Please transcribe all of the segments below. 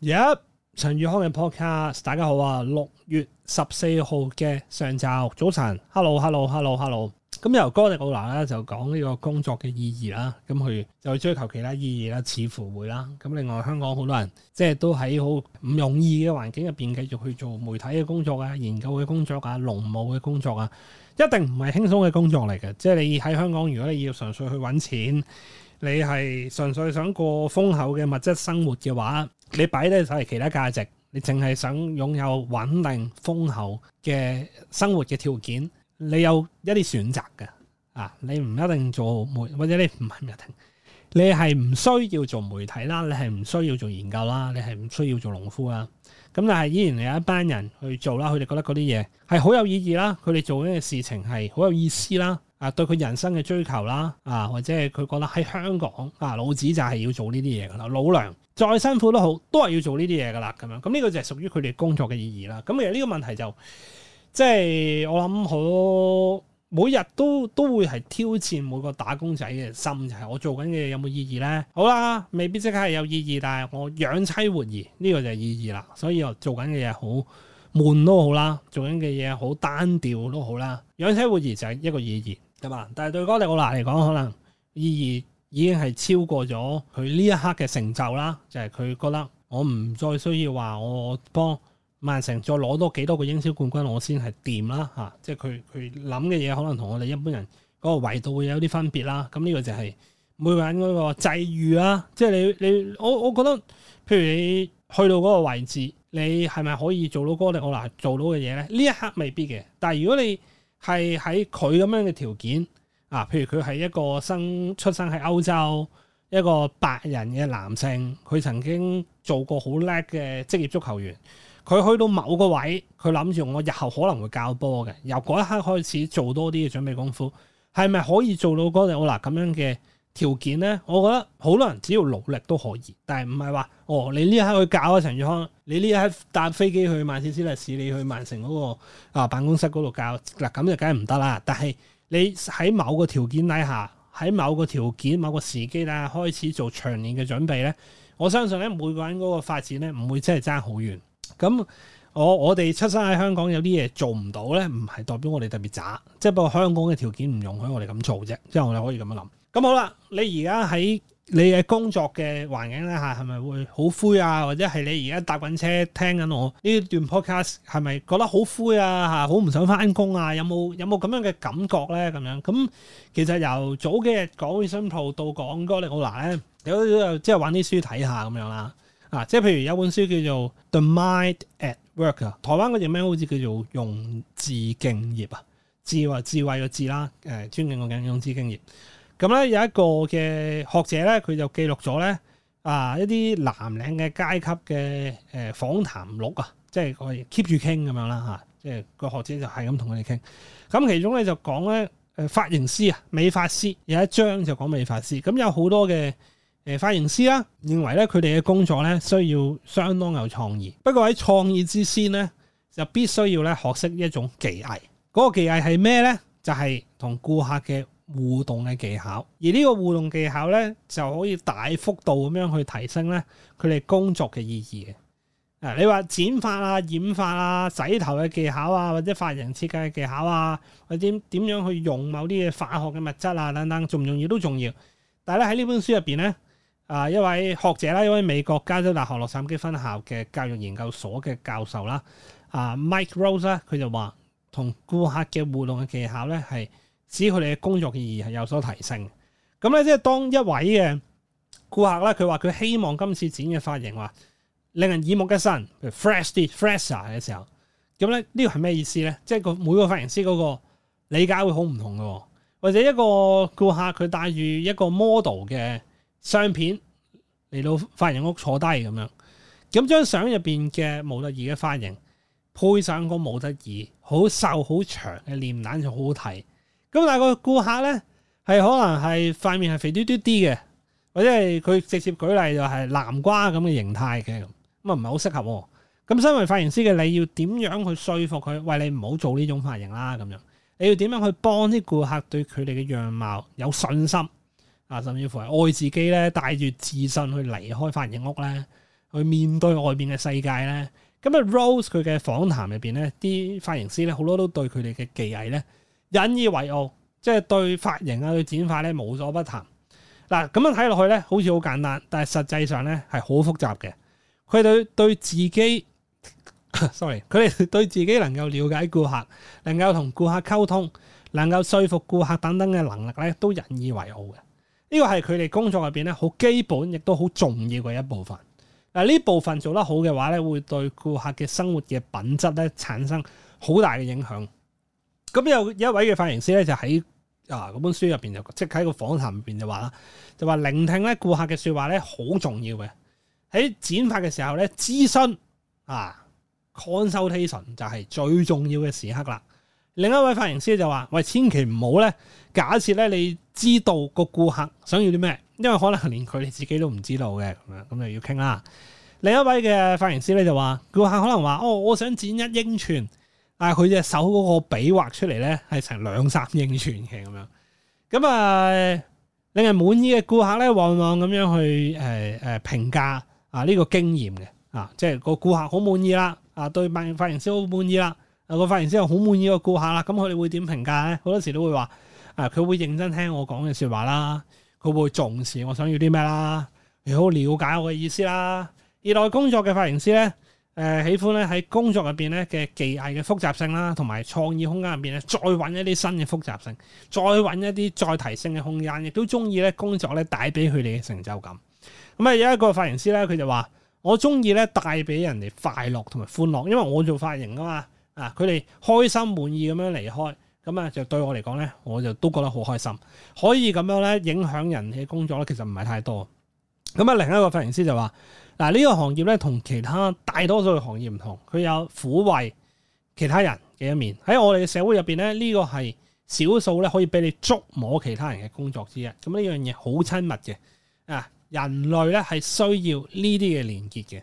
一，陳宇康嘅 podcast，大家好啊！六月十四號嘅上晝早晨，hello hello hello hello，咁由哥迪奧拿呢，就講呢個工作嘅意義啦，咁佢就去追求其他意義啦，似乎會啦。咁另外香港好多人即係都喺好唔容易嘅環境入邊繼續去做媒體嘅工作啊、研究嘅工作啊、農務嘅工作啊，一定唔係輕鬆嘅工作嚟嘅。即係你喺香港，如果你要純粹去揾錢。你係純粹想過豐厚嘅物質生活嘅話，你擺低晒其他價值，你淨係想擁有穩定豐厚嘅生活嘅條件，你有一啲選擇嘅啊！你唔一定做媒，或者你唔係一定，你係唔需要做媒體啦，你係唔需要做研究啦，你係唔需要做農夫啦。咁但係依然有一班人去做啦，佢哋覺得嗰啲嘢係好有意義啦，佢哋做緊嘅事情係好有意思啦。啊，對佢人生嘅追求啦，啊，或者係佢覺得喺香港，啊，老子就係要做呢啲嘢噶啦，老娘再辛苦都好，都係要做呢啲嘢噶啦，咁樣咁呢、嗯，呢個就係屬於佢哋工作嘅意義啦。咁其實呢個問題就即係我諗，好每日都都會係挑戰每個打工仔嘅心，就係我做緊嘅嘢有冇意義呢？好啦，未必即刻係有意義，但係我養妻活兒呢、呢個就係意義啦。所以我做緊嘅嘢好悶都好啦，做緊嘅嘢好單調都好啦，養妻活兒就係一個意義。但係對哥迪奧拿嚟講，可能意義已經係超過咗佢呢一刻嘅成就啦。就係、是、佢覺得我唔再需要話我幫曼城再攞多幾多個英超冠軍我，我先係掂啦嚇。即係佢佢諗嘅嘢，可能同我哋一般人嗰個維度會有啲分別啦。咁呢個就係每個人嗰個際遇啦、啊。即、就、係、是、你你我我覺得，譬如你去到嗰個位置，你係咪可以做到哥迪奧拿做到嘅嘢咧？呢一刻未必嘅。但係如果你係喺佢咁樣嘅條件啊，譬如佢係一個生出生喺歐洲一個白人嘅男性，佢曾經做過好叻嘅職業足球員，佢去到某個位，佢諗住我日後可能會教波嘅，由嗰一刻開始做多啲嘅準備功夫，係咪可以做到嗰個好啦咁樣嘅？條件咧，我覺得好多人只要努力都可以，但係唔係話哦，你呢一刻去教啊陳宇康，你呢一搭飛機去買啲啲歷史，你去萬城嗰個啊辦公室嗰度教嗱，咁就梗係唔得啦。但係你喺某個條件底下，喺某個條件、某個時機咧開始做長年嘅準備咧，我相信咧每個人嗰個發展咧唔會真係爭好遠。咁我我哋出生喺香港有啲嘢做唔到咧，唔係代表我哋特別渣，即係不過香港嘅條件唔容許我哋咁做啫。係我哋可以咁樣諗。咁好啦，你而家喺你嘅工作嘅環境咧吓，係咪會好灰啊？或者係你而家搭緊車聽緊我呢段 podcast，係咪覺得好灰啊？吓，好唔想翻工啊？有冇有冇咁樣嘅感覺咧？咁樣咁，其實由早幾日講 simple 到講 j o y 好 ujoyful 咧，有啲就即係玩啲書睇下咁樣啦。啊，即係譬如有本書叫做《The Mind at Work》啊，台灣嗰隻咩？好似叫做《用字敬業》啊，智慧智慧個智啦，誒，尊敬我嘅用字敬業。咁咧有一個嘅學者咧，佢就記錄咗咧啊一啲藍領嘅階級嘅誒訪談錄啊，即係我 keep 住傾咁樣啦嚇，即係個學者就係咁同佢哋傾。咁其中咧就講咧誒髮型師啊、美髮師有一章就講美髮師。咁有好多嘅誒髮型師啦，認為咧佢哋嘅工作咧需要相當有創意。不過喺創意之先咧，就必須要咧學識一種技藝。嗰個技藝係咩咧？就係同顧客嘅互動嘅技巧，而呢個互動技巧咧，就可以大幅度咁樣去提升咧佢哋工作嘅意義嘅。啊，你話剪髮啊、染髮啊、洗頭嘅技巧啊，或者髮型設計嘅技巧啊，或者點點樣去用某啲嘅化學嘅物質啊等等，重唔重要都重要。但係咧喺呢本書入邊咧，啊一位學者啦，一位美國加州大學洛杉磯分校嘅教育研究所嘅教授啦，啊 Mike Rose 啦，佢就話同顧客嘅互動嘅技巧咧係，是指佢哋嘅工作意義係有所提升。咁咧，即係當一位嘅顧客咧，佢話佢希望今次剪嘅髮型話令人耳目一新，fresh 啲、fresh 啲嘅時候，咁咧呢個係咩意思咧？即係個每個髮型師嗰個理解會好唔同嘅，或者一個顧客佢帶住一個 model 嘅相片嚟到髮型屋坐低咁樣，咁張相入邊嘅模特兒嘅髮型配上個模特兒、好瘦、好長嘅臉蛋就好好睇。咁但係個顧客咧，係可能係塊面係肥嘟嘟啲嘅，或者係佢直接舉例就係南瓜咁嘅形態嘅，咁唔係好適合。咁身為髮型師嘅你要點樣去說服佢？喂，你唔好做呢種髮型啦，咁樣你要點樣去幫啲顧客對佢哋嘅樣貌有信心啊？甚至乎係愛自己咧，帶住自信去離開髮型屋咧，去面對外面嘅世界咧。咁啊，Rose 佢嘅訪談入邊咧，啲髮型師咧，好多都對佢哋嘅技藝咧。引以為傲，即係對髮型啊、對剪髮咧無所不談。嗱，咁樣睇落去咧，好似好簡單，但係實際上咧係好複雜嘅。佢對對自己，sorry，佢哋對自己能夠了解顧客，能夠同顧客溝通，能夠說服顧客等等嘅能力咧，都引以為傲嘅。呢個係佢哋工作入邊咧好基本，亦都好重要嘅一部分。嗱，呢部分做得好嘅話咧，會對顧客嘅生活嘅品質咧產生好大嘅影響。咁有一位嘅髮型師咧，就喺啊嗰本書入邊就，即喺個訪談入邊就話啦，就話聆聽咧顧客嘅說話咧好重要嘅。喺剪髮嘅時候咧，諮詢啊 consultation 就係最重要嘅時刻啦。另一位髮型師就話：喂，千祈唔好咧，假設咧你知道個顧客想要啲咩，因為可能連佢哋自己都唔知道嘅。咁樣咁就要傾啦。另一位嘅髮型師咧就話：顧客可能話：哦，我想剪一英寸。啊！佢隻手嗰個比畫出嚟咧，係成兩三英寸嘅咁樣。咁啊，令人滿意嘅顧客咧，往往咁樣去誒誒、啊、評價啊呢個經驗嘅啊，即係個顧客好滿意啦，啊對髮型髮型師好滿意啦，個髮型師又好滿意個顧客啦。咁佢哋會點評價咧？好多時都會話啊，佢會認真聽我講嘅説話啦，佢會重視我想要啲咩啦，你好了解我嘅意思啦。熱愛工作嘅髮型師咧。誒、呃、喜歡咧喺工作入邊咧嘅技藝嘅複雜性啦，同埋創意空間入邊咧，再揾一啲新嘅複雜性，再揾一啲再提升嘅空間，亦都中意咧工作咧帶俾佢哋嘅成就感。咁、嗯、啊有一個髮型師咧，佢就話：我中意咧帶俾人哋快樂同埋歡樂，因為我做髮型㗎嘛啊，佢哋開心滿意咁樣離開，咁啊就對我嚟講咧，我就都覺得好開心。可以咁樣咧影響人嘅工作咧，其實唔係太多。咁、嗯、啊另一個髮型師就話。嗱，呢個行業咧同其他大多數嘅行業唔同，佢有撫慰其他人嘅一面。喺我哋嘅社會入邊咧，呢、呢個係少數咧可以俾你觸摸其他人嘅工作之一。咁呢樣嘢好親密嘅啊！人類咧係需要呢啲嘅連結嘅。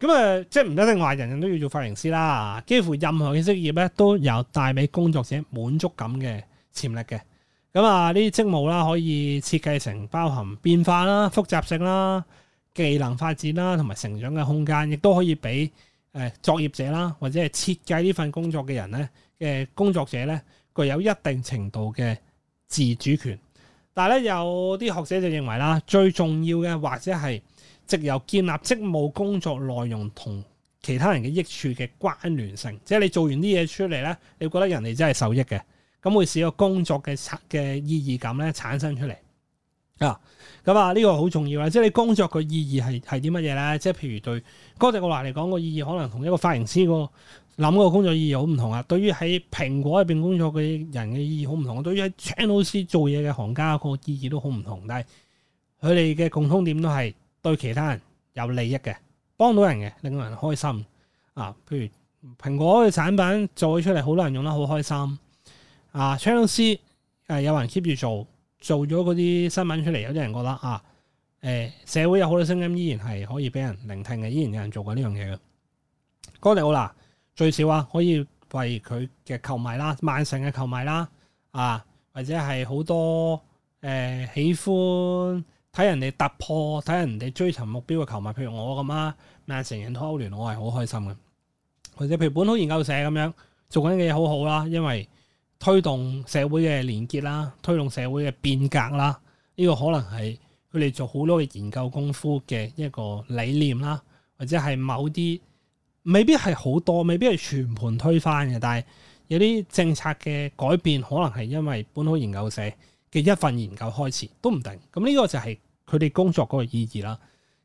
咁啊，即係唔一定話人人都要做髮型師啦，幾乎任何嘅職業咧都有帶俾工作者滿足感嘅潛力嘅。咁啊，呢啲職務啦可以設計成包含變化啦、複雜性啦。技能發展啦，同埋成長嘅空間，亦都可以俾誒作業者啦，或者係設計呢份工作嘅人咧嘅工作者咧，具有一定程度嘅自主權。但係咧，有啲學者就認為啦，最重要嘅或者係藉由建立職務工作內容同其他人嘅益處嘅關聯性，即係你做完啲嘢出嚟咧，你覺得人哋真係受益嘅，咁會使個工作嘅嘅意義感咧產生出嚟。啊，咁啊呢個好重要啦！即係你工作個意義係係啲乜嘢咧？即係譬如對哥迪奧拉嚟講個意義，可能同一個髮型師個諗個工作意義好唔同啊。對於喺蘋果入邊工作嘅人嘅意義好唔同，對於喺 Chanel 師做嘢嘅行家、個意義都好唔同。但係佢哋嘅共通點都係對其他人有利益嘅，幫到人嘅，令人開心啊！譬如蘋果嘅產品做出嚟好多人用得好開心啊，Chanel 師誒、呃、有人 keep 住做。做咗嗰啲新聞出嚟，有啲人覺得啊，誒、欸、社會有好多聲音依然係可以俾人聆聽嘅，依然有人做過呢樣嘢嘅。講嚟好啦，最少啊可以為佢嘅球迷啦，曼城嘅球迷啦，啊或者係好多誒、呃、喜歡睇人哋突破、睇人哋追尋目標嘅球迷，譬如我咁啊，曼城贏咗歐聯，我係好開心嘅。或者譬如本土研究社咁樣做緊嘅嘢好好啦，因為，推動社會嘅連結啦，推動社會嘅變革啦，呢個可能係佢哋做好多嘅研究功夫嘅一個理念啦，或者係某啲未必係好多，未必係全盤推翻嘅，但係有啲政策嘅改變可能係因為本土研究社嘅一份研究開始都唔定。咁呢個就係佢哋工作嗰個意義啦。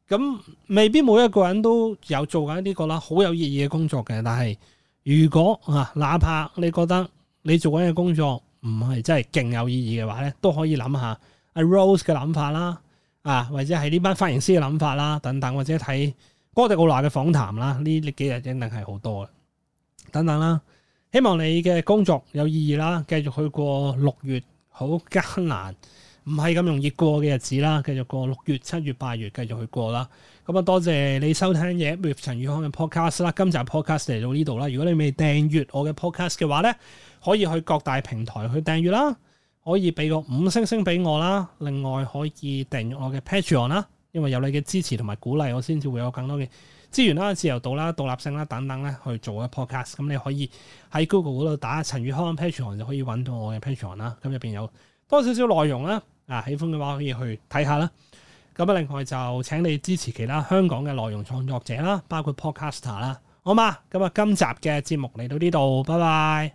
咁未必每一個人都有做緊呢個啦，好有意義嘅工作嘅。但係如果啊，哪怕你覺得，你做緊嘅工作唔係真係勁有意義嘅話咧，都可以諗下阿 Rose 嘅諗法啦，啊，或者係呢班髮型師嘅諗法啦，等等，或者睇哥迪奧拿嘅訪談啦，呢呢幾日一定係好多嘅，等等啦。希望你嘅工作有意義啦，繼續去過六月好艱難，唔係咁容易過嘅日子啦，繼續過六月、七月、八月，繼續去過啦。咁啊，多謝你收聽嘢 with 陳宇康嘅 podcast 啦。今集 podcast 嚟到呢度啦。如果你未訂閱我嘅 podcast 嘅話咧，可以去各大平台去訂閱啦。可以俾個五星星俾我啦。另外可以訂閱我嘅 Patreon 啦。因為有你嘅支持同埋鼓勵，我先至會有更多嘅資源啦、自由度啦、獨立性啦等等咧，去做一 podcast。咁你可以喺 Google 嗰度打陳宇康 Patreon 就可以揾到我嘅 Patreon 啦。咁入面有多少少內容啦。啊，喜歡嘅話可以去睇下啦。咁啊，另外就請你支持其他香港嘅內容創作者啦，包括 Podcaster 啦，好嘛？咁啊，今集嘅節目嚟到呢度，拜拜。